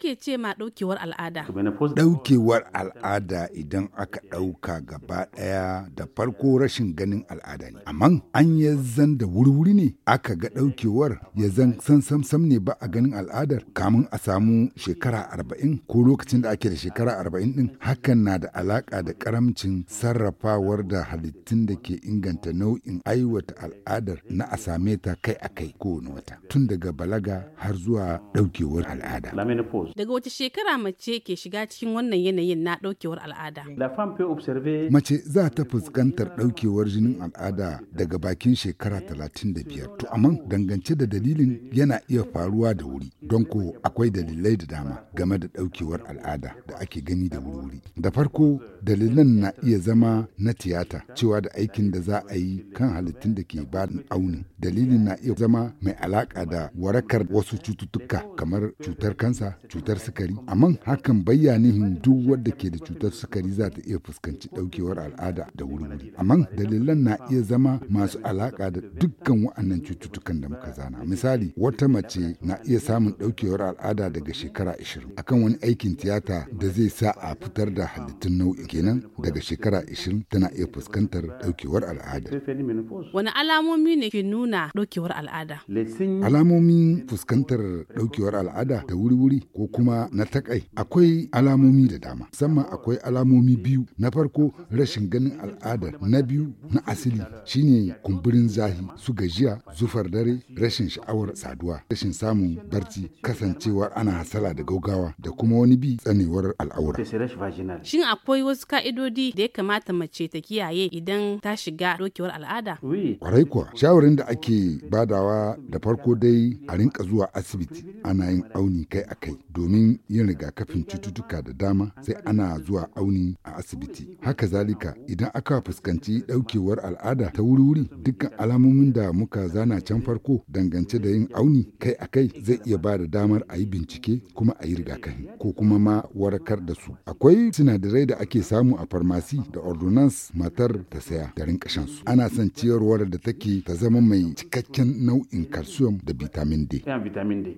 ake ce ma daukewar al'ada? daukewar al'ada idan aka ɗauka gaba ɗaya da farko rashin ganin al'ada ne. Amma an ya zan da wuri-wuri ne aka ga daukewar ya zan san sam ne ba a ganin al'adar kamun a samu shekara arba'in ko lokacin da ake da shekara arba'in ɗin hakan na da alaka da karamcin sarrafawar da halittun da ke inganta nau'in aiwata al'adar na a same ta kai a kai kowane wata tun daga balaga har zuwa daukewar al'ada. Daga wace shekara mace ke shiga cikin wannan yanayin na ɗaukewar al'ada? Mace za ta fuskantar ɗaukewar jinin al'ada daga bakin shekara talatin da biyar. To amma dangance da dalilin yana iya faruwa da wuri. Don ko akwai dalilai da dama game da ɗaukewar al'ada da ake gani da wuri. Da farko dalilan na iya zama na tiyata cewa da aikin da za a yi kan halittun da ke ba auni dalilin na iya zama mai alaka da warakar wasu cututtuka kamar cutar kansa cutar sukari amma hakan bayyanihin duk wadda ke da cutar sukari za ta iya fuskanci daukewar al'ada da wuri-wuri amma dalilan na iya zama masu alaka da dukkan wa'annan cututtukan da muka zana misali wata mace na iya samun daukewar al'ada daga shekara 20 akan wani aikin tiyata da zai sa a fitar da halittun nau'in kenan daga shekara 20 tana iya fuskantar daukewar al'ada. Wani alamomi ne ke nuna daukewar al'ada? Alamomin fuskantar daukewar al'ada da wuri-wuri ko kuma na takai akwai alamomi da dama. Musamman akwai alamomi biyu na farko rashin ganin al'ada na biyu na asili shine kumburin zahi su gajiya zufar dare rashin sha'awar saduwa rashin samun barci kasancewar ana hasala da gaugawa da kuma wani bi tsanewar al'aura. Shin akwai wasu wasu ka'idodi da ya kamata mace ta kiyaye idan ta shiga dokewar al'ada? Kwarai kuwa, shawarin da ake badawa da farko dai a rinka zuwa asibiti ana yin auni kai a kai domin yin rigakafin cututtuka da dama sai ana zuwa auni a asibiti. Haka zalika idan aka fuskanci daukewar al'ada ta wuri-wuri dukkan alamomin da muka zana can farko dangance da yin auni kai a kai zai iya ba da damar a yi bincike kuma a yi rigakafi ko kuma ma warakar da su. Akwai sinadarai da ake samu a farmasi da ordonance matar ta saya da rinka shan su. Ana son ciyarwar da take ta zama mai cikakken nau'in calcium da vitamin D. vitamin d